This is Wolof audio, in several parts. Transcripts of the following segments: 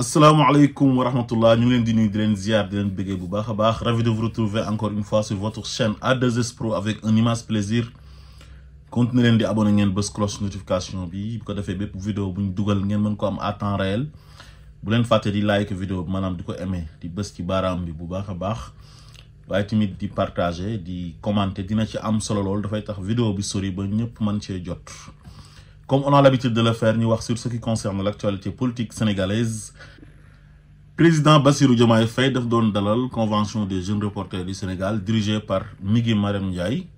Assalamualaikum warahmatullahi ñu leen di nuy di leen ziar di leen bëggé bu baaxa baax ravi de vous retrouver encore une fois sur votre chaîne a Pro avec un immense plaisir compte continuez leen di abonné ngeen bëss cloche notification bi bu ko défé bépp vidéo buñ duggal ngeen mën ko am à temps réel bu leen faté di like vidéo manam diko aimé di bëss ci baram bi bu baaxa baax waye timit di partager di commenter dina ci am solo lol da fay tax vidéo bi sori ba ñëpp man ci jot Comme on a l'habitude de le faire, nous voir sur ce qui concerne l'actualité politique sénégalaise. Président Bassirou Diomaye Faye def doon la convention des jeunes reporters du Sénégal dirigée par Migui Marem Ndiaye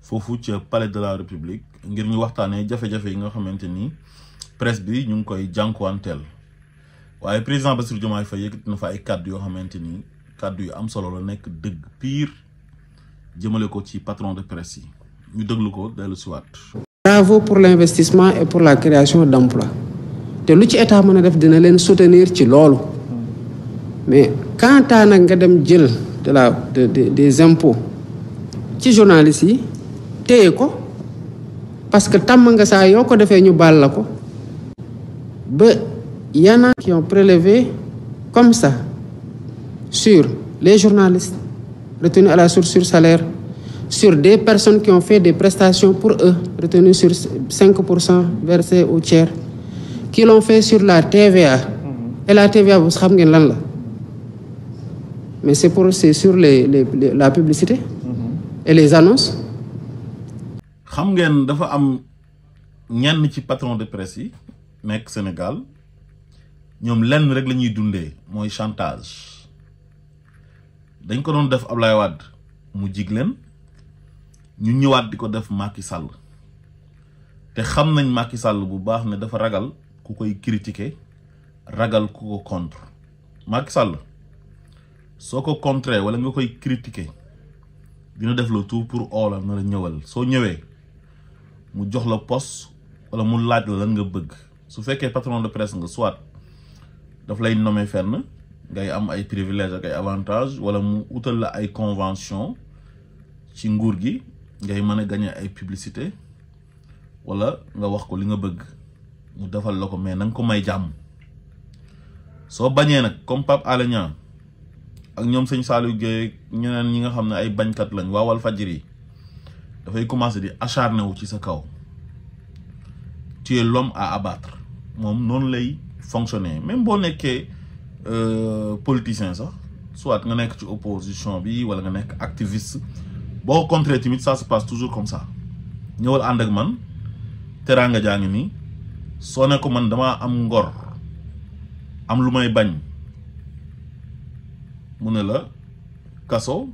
Fofu, palais de la République ngir ñu waxtaanee jafé jafe a nga Presby ni presse bi ñu ngi koy de président Bassirou Diomaye Faye qui président fait cadre kàddu a xamante ni kàddu yu am la pire patron de presse yi ñu déglu ko pour l'investissement et pour la création d'emplois C'est ce que l'État mën a def dina soutenir ci mais quand tu as nga dem de la des impôts ci journalistes yi téye ko parce que tant nga ça yoo ko defee ñu baal il y en a qui ont prélevé comme ça sur les journalistes retenus à la source sur salaire sur des personnes qui ont fait des prestations pour eux, retenues sur 5% versées au tiers, qui l'ont fait sur la TVA. Mhm. Et la TVA, vous savez là. Mais c'est pour sur les, les, les, la publicité mhm. et les annonces. Vous savez, dafa am ñenn ci patron de presse mec Sénégal ñoom lenn rek règle qui est mooy chantage dañ ko un def Ablaye Wade mu ñu ñëwaat di ko def Macky Sall te xam nañ Macky Sall bu baax ne dafa ragal ku koy critiquer ragal ku ko contre Macky Sall soko ko wala nga koy critiquer dina def le tout pour ola na la ñëwal so ñëwé mu jox la poste wala mu laaj la nga bëgg su fekkee patron de presse nga soit daf lay nommé fenn ngay am ay privilèges ak ay avantage wala mu outal la ay convention ci nguur gi ngay mëna ganya gagné ay publicité wala nga wax ko li nga bëgg mu defal lako mais nang ko may jamm so bañé nak comme pap alagna ak ñom seigne salou gey ñeneen ñi nga xamné ne bañ kat lañ waawal fajar yi fay commencé di acharné wu ci sa kaw tu es l'homme à abattre mom non lay fonctionner même nekké euh politicien sax soit nga nekk ci opposition bi wala nga nekk activiste boo contre contré tamit ça se passe toujours comme ça ñëwal Andegman, ak man teraanga jaa ngi ko man dama am ngor am lumay bagn bañ la kaso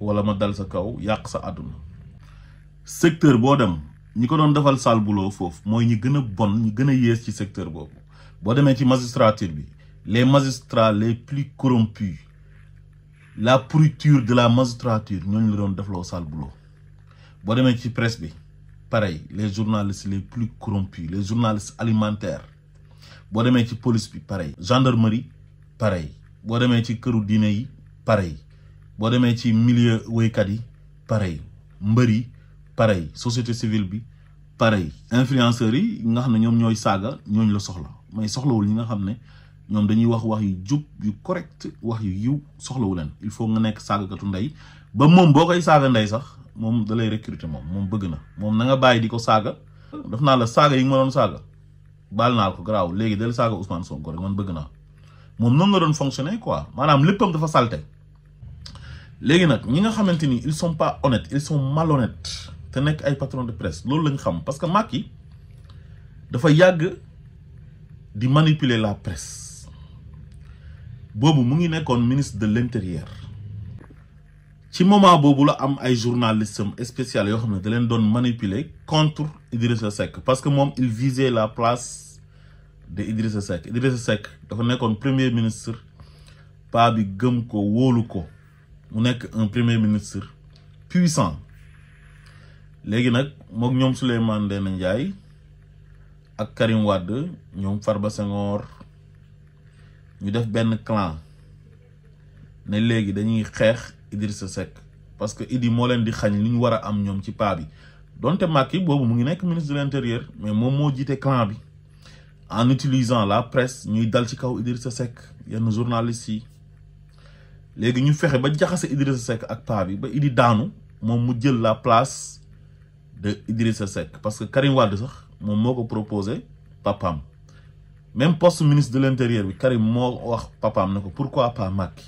wala ma dal sa kaw yak sa aduna secteur bo dem ñi ko doon defal sal boulot fof moy ñi gëna bon ñi gëna yees ci secteur bobu bo demee ci magistrature bi les magistrats les plus corrompus la pourriture de la magistrature nous avons fait le sale boulot ci presse pareil les journalistes les plus corrompus les journalistes alimentaires boo de ci police pareil gendarmerie pareil Si vous ci këru pareil boo demee ci milieu Wekadi. yi pareil mbër pareil société civile bi pareil influenceurs yi nga fait des ñoom saga, avons fait la soxla mais soxlawul ñi nga des choses ñom dañuy wax wax yu jup yu correct wax yu yiw soxlawu leen il faut nga nek saagakatu ndey ba mom bokay saga nday sax mom dalay recruter mom mom bëgg na mom na nga bàyyi diko saga saaga daf naa la saga yi nga ma doon saaga baal naa ko graw léegi del saga Ousmane Sonko rek man bëgg na mom non la don fonctionner quoi manam leppam dafa salté léegi nak ñi nga xamanteni ils sont pas honnêtes ils sont malhonnêtes te nek ay patron de presse loolu lañ xam parce que Macky dafa yàgg di manipuler la presse Bobu mu ngi ministre de l'intérieur ci moment bobu la am ay journalistes spécial yo xam manipuler contre Idrissa Seck parce que mom il visait la place de Idrissa Seck Idrissa Seck est nekkone premier ministre pa bi gëm ko wóolu mu un premier ministre puissant Il nak mok ñom Souleymane Ndéné Ndiaye ak Karim Wade ñom Farba Senghor ñu def un clan ne légui dañuy xex Idrissa parce que Idi mo len di xagn faire wara am ñom ci pa bi donte Macky bobu mu ngi ministre de l'intérieur mais clan en utilisant la presse ñuy dal ci kaw Idrissa Seck yenn journalistes yi ñu fexé ba jaxassé Idrissa Seck ak bi ba Idi daanu mom mu jël la place de Idrissa parce que Karim Wade sax mom proposé papam même post ministre de l' intérieur bi Karim moo wax papaam na ko pourquoi pas Macky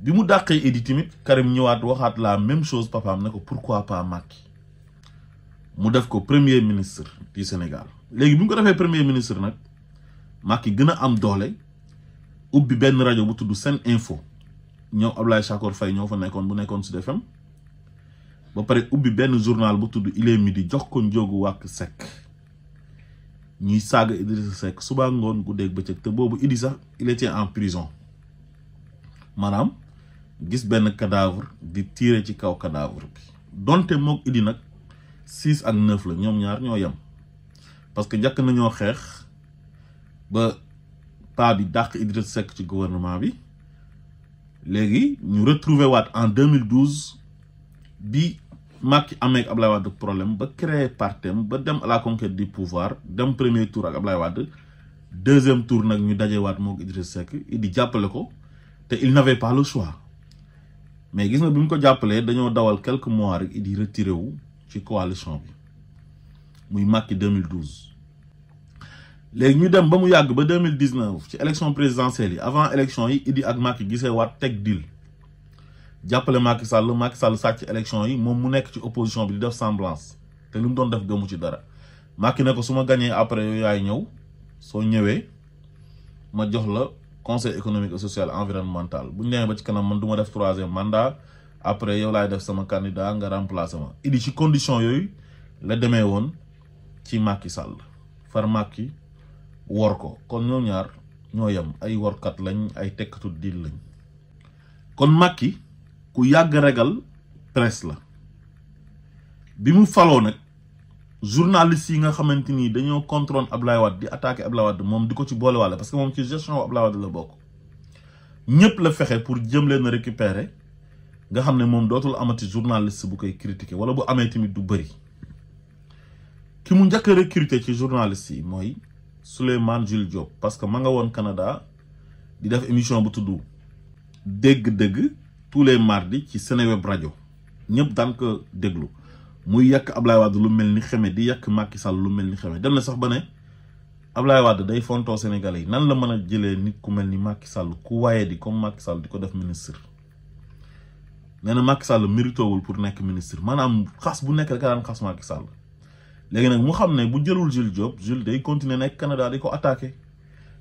bi mu dàqee Idi tamit Karim ñëwaat waxaat laa même chose papaam na ko pourquoi pas Macky mu def ko premier ministre du Sénégal léegi bi mu ko defee premier ministre nag Macky gën a am doole ubbi benn rajo bu tudd seen Info ñëw Ablaye Chakor fay ñoo fa nekkoon bu nekkoon Sud FM ba pare ubbi benn journal bu tudd Il mi di jox ko Ndiogou wàkk Seck ñuy saaga Idrissa Seck suba ngoon deg bëccëg te bobu Idi il était en prison manam gis ben cadavre di tirer ci kaw cadavre bi donte mok Idi 6 six ak 9 la ñom ñaar ñoo yem parce que njëkk naño xex ba paa bi dàq Idrissa Seck ci gouvernement bi légui ñu retrouver wat en 2012 bi Macky amee ak Wade problème ba créer partem ba dem à la conquête du pouvoir dem premier tour avec Ablaye Wade deuxième tour nag ñu dajewaat moog Idriss Seck di jàppale ko te il n'avait pas le choix mais gis nga bi mu ko jàppalee dañoo dawal quelques mois rek di retiré wu ci coalition bi muy Macky 2012. Les ñu dem ba mu yàgg ba 2019 ci élection présidentielle avant élection yi Idi ak Macky gisee waat tek deal jàppale Macky Sall Macky Sall sàcc élection yi moom mu nek ci opposition bi def semblance té li mu doon def gëmu ci dara Macky ne ko su ma après yooyu yaay ñew so ñewé ma jox la conseil économique et social environnemental bu ñu demee ba ci kanam man duma def 3e mandat après yow lay def sama candidat nga remplacé ma idi ci condition yoy la démé won ci Macky Sall far Macky wor ko kon ñoo ñaar ñoo yem ay workat lañ ay tekkatu diil lañ kon Macky ku yàgg regal tres la bi mu faloo nag journaliste yi nga xamante ni dañoo contrôle Ablaye Wade di attaqué Ablaye Wade moom di ko ci boolewaale parce que moom ci gestion Ablaye Wade la bokk ñëpp la fexe pour jëm leen a récupérer nga xam ne moom dootul amati journaliste bu koy critiquer wala bu amee tamit du bëri ki mu njëkk a recruter ci journaliste yi mooy Souleymane Jules Diop parce que ma nga woon Canada di def émission bu tudd dégg-dégg. tous les mardis ci Seneweb rajo ñëpp daan ko déglu muy yàq Ablaye Wade lu mel ni xeme di yàq Macky Sall lu mel ni xeme dem na sax ba ne Ablaye Wade day fontoo Sénégalais yi nan la mën a jëlee nit ku mel ni Macky Sall ku waaye di comme Macky Sall di ko def ministre nee na Macky Sall méritowul pour nekk ministre Manam, xas bu nekk rek daan xas Macky Sall léegi nag mu xam ne bu jëlul Jules Diop Jules day continuer nekk Canada di attaquer. attaqué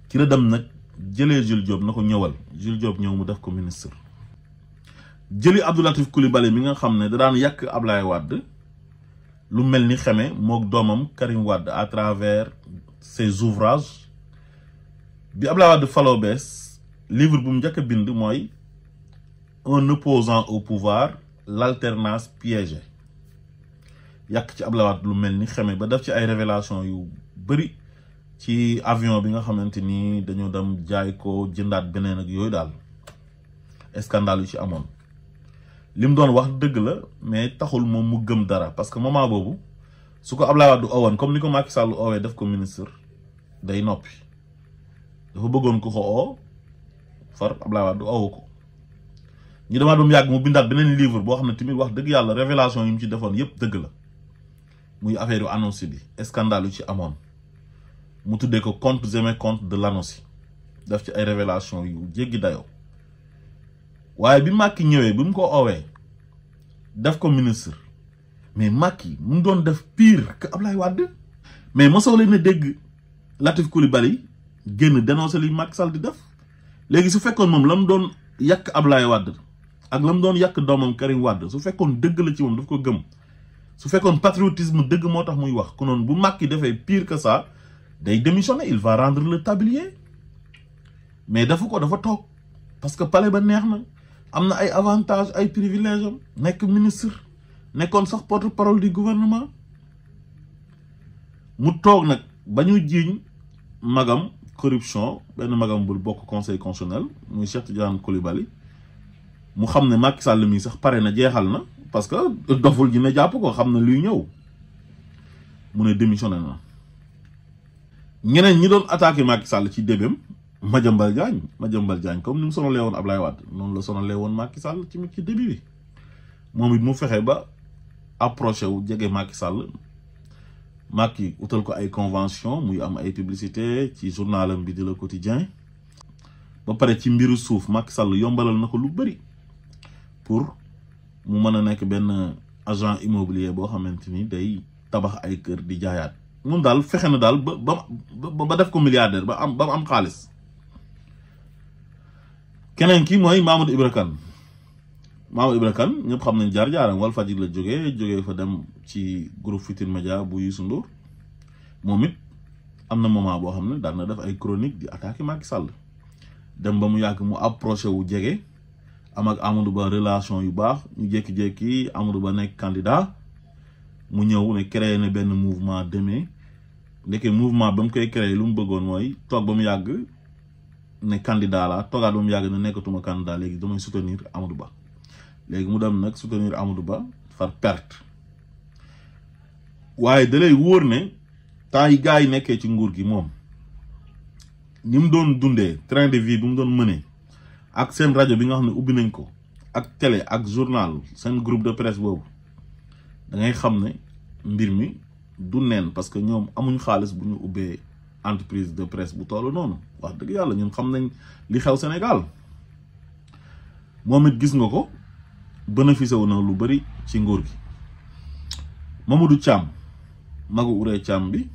ci la dem nag jëlee Jules Diop na ko ñëwal Jules Diop ñëw mu def ko ministre jëli Abdou Latif koulibaly mi nga xamné da daan yak ni mok domam Karim à travers ses ouvrages bi Ablaye Wad livre bu mu bind moy un opposant au pouvoir l'alternance piégée yak ci lu ni ba daf ci ay yu ci avion bi nga ni dam jaay ko ak li mu doon wax dëgg la mais taxul moom mu gëm dara parce que moment boobu su ko Ablaye Wade owoon comme ni ko Macky Sall owee def ko ministre day noppi dafa bëggoon ko ko oo far Ablaye Wade owu ko ñu demaat ba mu yàgg mu bindaat beneen livre boo xam ne tamit wax dëgg yàlla révélation yi mu ci defoon yépp dëgg la muy affaire yu annonce bi scandale yu ci amoon mu tuddee ko comptes et mécomptes de l'annonce daf ci ay révélation yu jéggi dayoo waye bi makki ñëwé bi mu ko owee ko ministre mais makki mu doon def pire que Ablaye wad mais mosoo leen a dégg Latif Coulibaly génn dénoncé li Macky Sall di def légui su fekkon mom lam doon yak Ablaye wad ak lam doon yak doomam Karim wad su fekkon dëgg la ci mom daf ko gëm su fekkon patriotisme dëgg motax muy wax non bu makki defee pire que ça day démissionner il va rendre le tablier mais dafa ko dafa tok parce que palais ba neex na amna ay avantages ay privilèges nek ministre nekone sax porte parole du gouvernement mu tok nak bañu djign magam corruption ben magam bul bok conseil constitutionnel muy Cheikh Tidiane Coulibaly mu xam Macky Sall mi sax paré na djéxal na parce que doful ji ne ko xam luy ñew mu né démissionné na ñeneen ñi doon attaquer Macky Sall ci débém Madiambal Diagne Madiambal Diagne comme ni mu sonalee woon Ablaye Wade noonu la sonalee woon Macky Sall ci ci début bi moom it mu fexe ba approché wu jege Macky Sall Macky utal ko ay convention muy am ay publicité ci journalam bi di Le Quotidien ba pare ci mbiru suuf Macky Sall yombalal na ko lu bëri pour mu mën a nekk benn agent immobilier boo xamante ni day tabax ay kër di jaayaat moom daal fexe na daal ba ba ba def ko milliardaire ba am ba am kalis kenen ki moy Mamadou Ibra Mamadou ibrakan, ñep ñëpp xam nañ jaar wal fajir la jógee jógee fa dem ci groupe Futurs media bu yusu Ndour momit amna moment bo xamne da na def ay chronique di attaquer Macky Sall dem ba mu yag mu approcher wu jege am ak Amadou Ba relation yu bax ñu jékki-jékki Amadou Ba nek candidat mu ñew ne créer na ben mouvement demee ndeke mouvement bam koy créer lu mu bëggoon moy tok bam yag ne candidat la toogaat ba mu yàgg ne nekkatuma candidat léegi damay soutenir Amadou Ba léegi mu dem nag soutenir Amadou Ba far perte waaye dalay wóor ne temps yi gars yi nekkee ci nguur gi moom ni mu doon dundee train de vie bi mu doon mënee ak seen rajo bi nga xam ne ubbi nañ ko ak télé ak journal seen groupe de presse boobu da ngay xam ne mbir mi du neen parce que ñoom amuñ xaalis bu ñu ubbee. entreprise de presse bu toll noonu wax dëgg yàlla ñun xam nañ li xew Sénégal moom it gis nga ko bénéficié wu na lu bari ci nguur gi moom Mamadou Thiam magu uree Thiam bi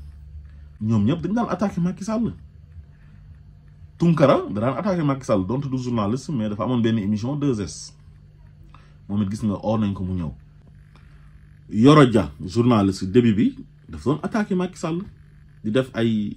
ñoom ñëpp dañ daan attaqué Macky Sall Tunkara da daan attaqué Macky Sall donte du journaliste mais dafa amoon benn émission 2S moom it gis nga or nañ ko mu ñëw Yoro Dia journaliste début bi dafa doon attaqué Macky Sall di def ay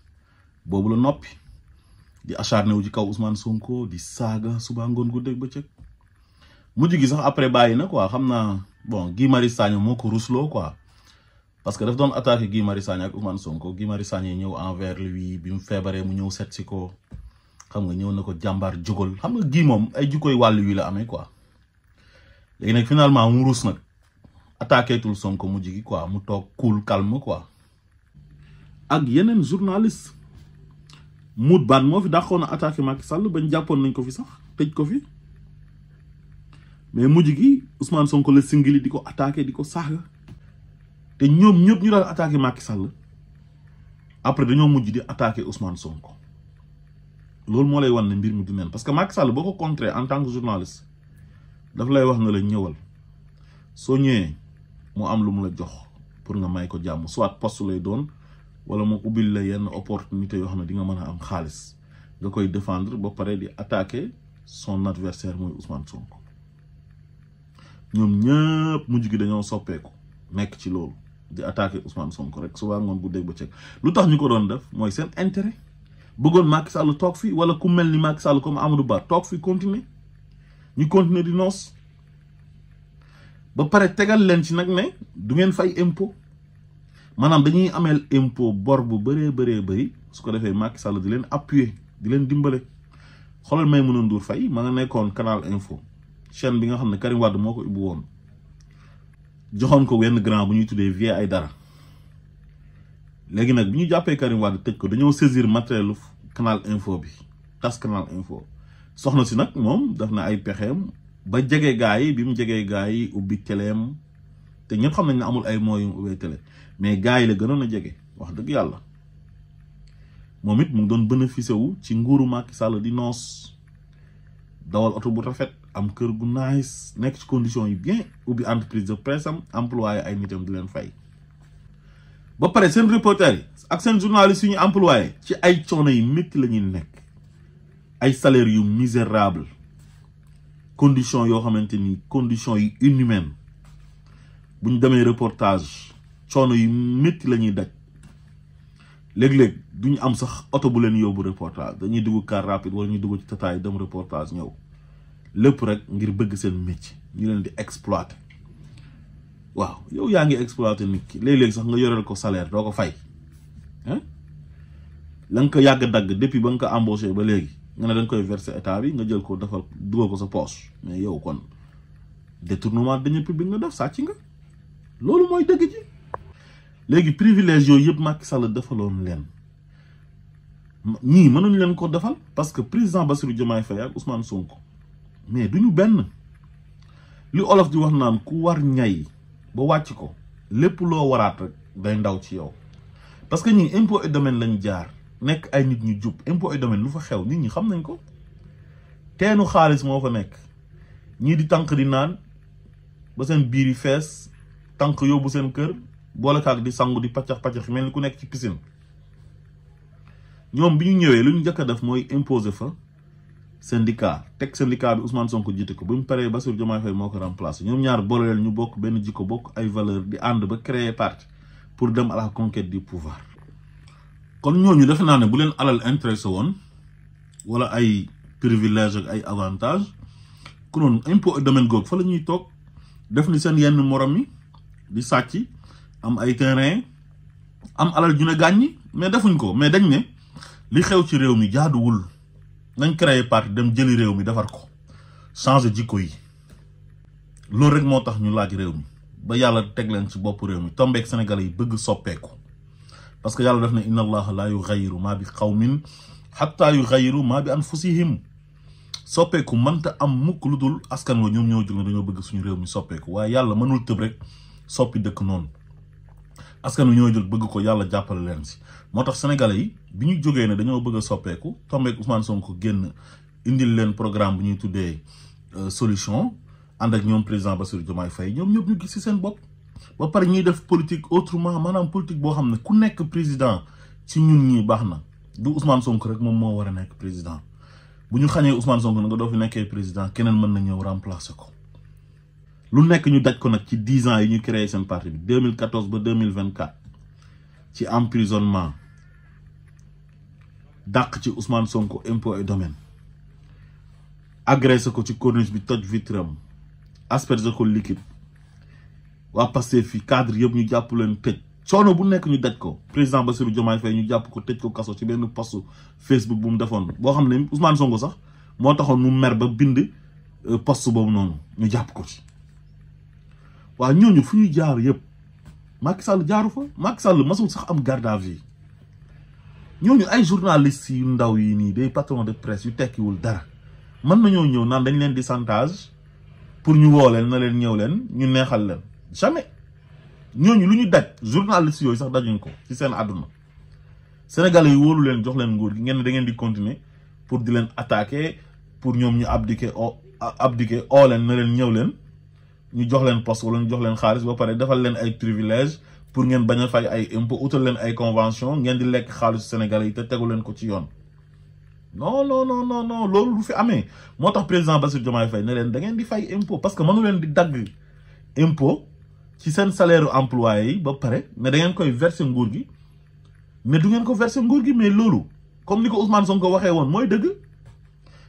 boobu la noppi di acharné wu ci kaw Ousmane Sonko di saaga suba ngoon guddeeg bëccëg mujj gi sax après bàyyi na quoi xam naa bon Guy Marius Sagna moo ko loo quoi parce que daf doon attaqué gii Marius Sagna ak Ousmane Sonko Guy Marius Sagna ñëw envers lui bi mu feebaree mu ñëw set si ko xam nga ñëw na ko jàmbaar jógal xam nga gii moom ay jikkoy wàllu wi la amee quoi léegi nag finalement mu ruus nag attaqué tul Sonko mujj gi quoi mu toog cool calme quoi ak yeneen journaliste. mut ban mo fi dakhona a attaqué Macky Sall bañ jàppoon nañ ko fi sax tejj ko fi mais mujj gi Ousmane Sonko le singili diko attaquer diko di te ñom ñëpp ñu dal attaquer Macky Sall après dañu mujj di attaquer Ousmane Sonko loolu mo lay wan mbir mi du neen parce que Macky Sall boko contrer en tant que journaliste daf lay wax na la ñewal so mu am lu mu la jox pour nga may ko jamm soit poste lay doon wala mo ubil la yenn opportunité yo xamné di nga mëna a am xaalis nga koy défendre ba paré di attaquer son adversaire moy Ousmane Sonko ñoom ñëpp mujj gi dañoo ko nek ci lool di attaquer Ousmane Sonko rek suba ngon bu dégg ba ceg lutax ñuko doon def moy sen intérêt bëggon Macky Sall tok fi wala ku melni ni Macky Sall comme Amadou Ba tok fi continuer ñu continuer di nos ba paré tégal leen ci nak né du ngeen fay impôt maanaam dañuy ameel impôt bor bu bëree bëree bëri su ko defee Macky Sall di leen appuyer di leen dimbale xoolal Maïmouna Ndour Faye ma nga nekkoon Canal Info chaîne bi nga xam ne Karim Wade moo ko ubbi woon joxoon ko wenn grand bu ñuy tuddee ay dara léegi nag bi ñu jàppee Karim Wade tëj ko dañoo saisir matérielu Canal Info bi tas Canal Info soxna si nag moom daf na ay pexeem ba jege gaa yi bi mu jegee gaa yi ubbi teleem te ñëpp xam nañ ne amul ay moyens yu mais gars yi la gënoon a jege wax dëgg yàlla moom it mu ngi doon bénéficié wu ci nguuru Macky Sall di noos dawal oto bu rafet am kër gu nice nekk ci condition yu bien ubbi entreprise de presse emploie employé ay nitam di leen fay. ba pare seen reporter yi ak seen journaliste yu ñu employé ci ay coono yu métti la ñuy nekk ay salaire yu misérable condition yoo xamante ni condition yu inhumaine bu ñu demee reportage. coono yi métti la ñuy daj léeg-léeg duñu am sax oto bu leen yóbbu reportage dañuy dugg car rapide wala ñuy dugg ci tataay dem reportage ñëw lépp rek ngir bëgg seen métier ñu leen di exploiter waaw yow yaa ngi exploiter nit ki léeg-léeg sax nga yoreel ko salaire doo ko fay la nga ko yàgg dagg depuis ba nga ko embauché ba léegi nga ne dañ koy verser état bi nga jël ko defal dugal ko sa poche mais yow kon détournement deniers publics nga def sàcc nga loolu mooy dëgg léegi privilège yooyu yëpp Macky Sall defaloon leen ñii mënuñ leen ko defal parce que président Bassirou Diomaye Faye ak Ousmane Sonko mais du ñu benn li olof di wax naan ku war ñay ba wàcc ko lépp loo waraat rek day ndaw ci yow parce que ñii impôt et domaine lañ jaar nekk ay nit ñu jub impôt et domaine lu fa xew nit ñi xam nañ ko teenu xaalis moo fa nekk ñii di tànk di naan ba seen biir yi fees tànk yóbbu seen kër boole kaag di sangu di paccax paccax mel ku nek ci piscine ñom bi ñu ñëwee lu ñu njëkk a def mooy imposer fa syndicat teg syndicat bi Ousmane Sonko jitté ko buñu paré paree Bassirou Diomaye Faye moo ko remplacé ñaar boole ñu bokk ben jikko bok ay valeur di ànd ba créer parti pour dem à la conquête du pouvoir. kon ñoñu defe naa ne bu len alal intéressé woon wala ay privilège ak ay avantage ku noonu impôt domaine googu fa lañuy tok def ni sen yenn morom mi di sacci am ay terrain am alal ju ne gàññi mais defuñ ko mais dañ ne li xew ci réew mi jaaduwul nañ créer parti dem jëli réew mi défar ko sans jikko yi lool rek motax ñu laaj réew mi ba yalla Pas leen ci bop réew mi ak sénégalais yi bëgg ko parce que yalla def na inna allaha la yughayyiru ma bi qawmin hatta yughayyiru ma bi anfusihim man ta am mukk luddul askan wo ñom ñoo jël ne dañoo bëgg suñu réew mi ko waaye yalla mënul rek soppi dekk non askanu ñoo jël bëgg ko yalla jappal leen ci motax binyuk sénégalais yi biñu joggé né dañoo bëgg soppéku tombé Ousmane Sonko génn indil leen programme bu ñuy tuddé euh, solution and ak ñom président Bassirou Diomaye Fay ñom ñop ñu gis ci seen bop ba pare ñuy def politique autrement manam politique bo xamné ku nekk président ci ñun ñi baxna du Ousmane Sonko rek mom mo wara nekk président buñu ñu Ousmane Sonko nga do fi nekké président kenen mën na ñëw remplacer ko lu nek ñu daj ko nak ci dix ans yi ñu créer seen parti 2014 ba 2024 ci emprisonnement dak ci Ousmane Sonko impôt et domaine agressé ko ci corniche bi toj vitram asperge ko liquide wa passer fi cadre yëpp ñu japp leen tëj coono bu nek ñu daj ko président Bassirou Diomaye Faye ñu japp ko tëj ko kasso ci benn post Facebook bu mu defoon bo xam Ousmane Sonko sax mo taxone mu mer ba bind euh, post bobu non ñu japp ko ci. waa ñooñu fu ñu jaar yëpp Macky Sall jaaru fa Macky Sall masul sax am garde à vue ñooñu ay journalistes yu ndaw yi nii des patrons de presse yu tekkiwul dara mën nañoo ñëw naan dañ leen di chantage pour ñu woo leen na leen ñëw leen ñu neexal leen jamais ñooñu lu ñu daj journalistes yooyu sax dajuñ ko ci seen àdduna sénégalais yi wóolu leen jox leen nguur gi ngeen da ngeen di continuer pour di leen attaquer pour ñoom ñu abdiquer o abdiquer oo leen na leen ñëw leen ñu jox leen poste wala ñu jox leen xaalis ba pare defal leen ay privilège pour ngeen bañ a fay ay impôt utal leen ay convention ngeen di lekk xaalisu Sénégalais yi te tegu leen ko ci yoon non non non non non loolu lu fi amee moo tax président Bassirou Diomaye fay ne leen da ngeen di fay impôt parce que mënu leen di dagg impôt ci seen salaire employé yi ba pare mais da ngeen koy verser nguur gi mais du ngeen ko verser nguur gi mais loolu comme ni ko Ousmane Sonko waxee woon mooy dëgg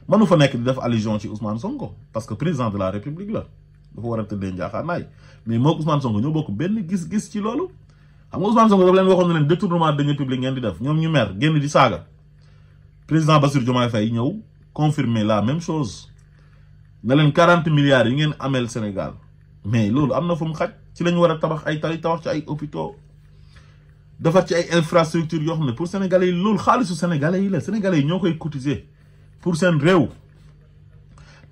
mënu fa nekk di def allusion ci Ousmane Sonko parce que président de la République la dafa war a tëddee njaaxaanaay mais moo Ousmane Sonko ñoo bokk benn gis-gis ci loolu xam nga Ousmane Sonko dafa leen waxoon ne leen détournement deniers publics ngeen di def ñoom ñu mer génn di saaga président Bassirou Diomaye Faye ñëw confirmer la même chose ne leen quarante milliards yi ngeen ameel Sénégal mais loolu am na fu mu xaj ci la ñu war a tabax ay tali tabax ci ay hôpitaux defar ci ay infrastructures yoo xam ne pour sénégalais loolu xaalisu sénégalais yi la sénégalais yi ñoo koy cotiser pour seen réew.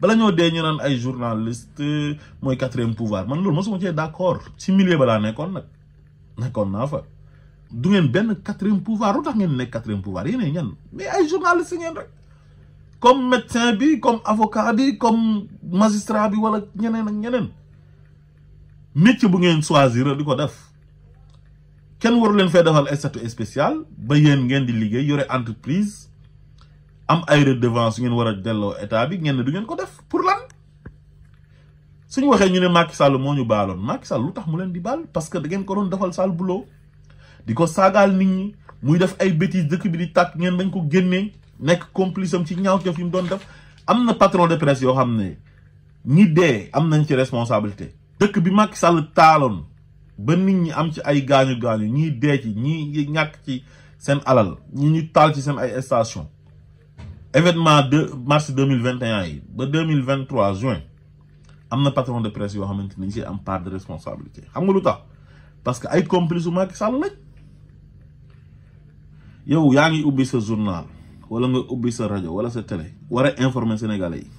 bala ñoo dé ñu nan ay journaliste moy 4e pouvoir man lool mo suma ci d'accord ci milieu bala nekkoon nak nekkoon na fa du ngeen ben 4e pouvoir lutax ngeen ngeen 4e pouvoir yene ñan mais ay journaliste ngeen rek comme médecin bi comme avocat bi comme magistrat bi wala ñeneen ak ñeneen métier bu ngeen choisir diko def kenn waru len fay defal statut spécial ba yeen ngeen di liguey yoré entreprise am ay redevance ngeen wara delo delloo état bi ngeen du ngeen ko def pour lan suñu waxe ñu ne Macky Sall mo ñu balon Macky Sall lutax mu leen di bal parce que da ngeen ko doon defal sal boulot di ko nit ñi muy def ay bêtises dekk bi di tak ngeen dañ ko genné nek complice am ci ñaaw doon def am patron de presse yo xamné ñi dé am nañ ci responsabilité dekk bi Macky Sall talon ba nit ñi am ci ay gañu gañu ñi dé ci ñi ñak ci sen alal ñi ñu tal ci sen ay station événement de mars 2021 et juin patron de presse yo xamante ci am part de responsabilité xam nga lutax parce que ay complice Macky Sall yow ngi journal wala nga ubbi ce wala télé wara informer sénégalais yi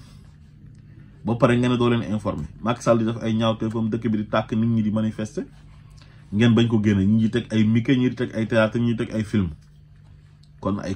ba paré nga ne informer Macky Sall di def ay ñaawteefam dëkk bi di tak ñi di manifester ngeen bañ ko ñi y ay gens ñi tek ay théâtre ñi ay film kon ay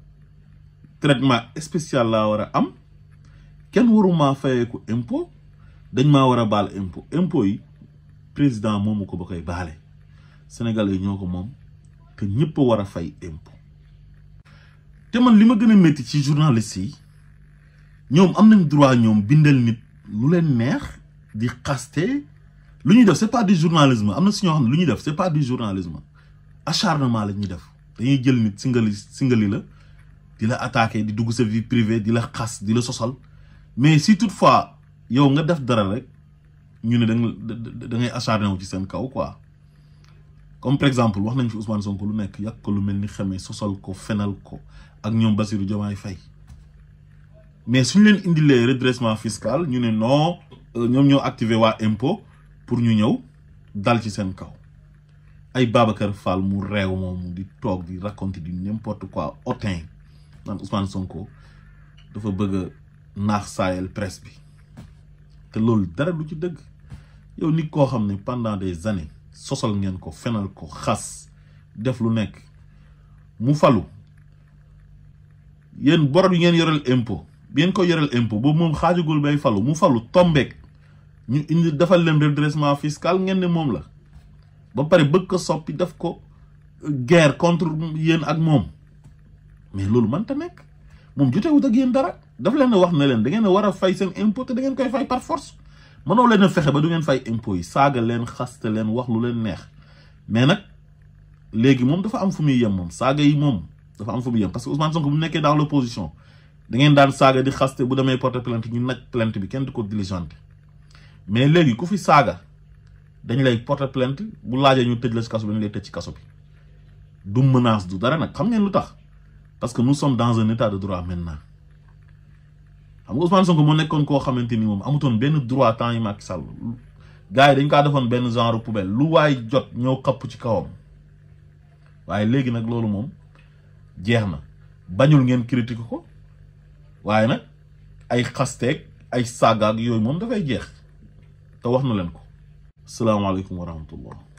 traitement spécial laa war a am kenn waruma ko impôt dañ maa war a baal impôt impôt yi président moom mu ko ba koy baale sénégalais yi ñoo ko moom te ñëpp war a fay impôt te man li ma gën a métti ci journaliste yi ñoom am nañ droit ñoom bindeel nit lu leen neex di xaste lu ñu def c'est pas du journalisme am na si ñoo xam ne lu ñuy def c'est pas du journalisme acharnement la ñuy def dañuy jël nit singali singali la di la attaqué di dugg sa vie privée di la xas di la sosal mais si toutefois yow nga def dara rek ñu ne da nga da ngay acharné wu ci seen kaw quoi comme par exemple wax nañ fi Ousmane Sonko lu nekk yàq ko lu mel ni xamee sosal ko fenal ko ak ñoom Bassirou Diomaye Faye mais suñu leen indilee redressement fiscal ñu ne non euh, ñoom ñoo activé waa impôt pour ñu ñëw dal ci seen kaw ay Babacar Fall mu réew moomu di toog di raconter di n'importe quoi otin man Ousmane Sonko dafa bëgg nax naax press bi té lool dara du ci dëgg yow nit ko xamné pendant des années sosal ngeen ko fenal ko xas def lu nekk mu falu yeen bor yi ngeen yoral impo ko ko impo bo mom xaju gol bay falu mu falu tombé ñu indi defal leen redressement fiscal ngeen ne mom la ba paré bëgg ko soppi def ko guerre contre yeen ak mom mais loolu man ta nekk moom jotewut a yéen dara daf leen wax ne leen da ngeen war a fay seen impôt te da ngeen koy fay par force mënoo leen a fexe ba du ngeen fay impôt yi saaga leen xaste leen wax lu leen neex mais nag léegi moom dafa am fu muy yem moom saaga yi moom dafa am fu muy yem parce que Ousmane Sonko bu nekkee dans l'opposition da ngeen daan saaga di xaste bu demee porter plainte ñu naj plainte bi kenn di ko diligente mais léegi ku fi saaga dañ lay porter plainte bu laajee ñu tëj la bi dañ lay ci kaso bi du menace du dara nag xam ngeen lu tax parce que nous sommes dans un état de droit maintenant xam nga Ousmane Sonko moo nekkoon koo xamante ni moom amutoon benn droit temps yi Macky Sall gars yi dañ kaa defoon benn genre poubelle lu waay jot ñëw xapp ci kawam waaye léegi nag loolu moom jeex na bañul ngeen critique ko waaye nag ay xasteeg ay saaga yooyu moom dafay jeex te wax na leen ko salaamaaleykum wa rahmatullah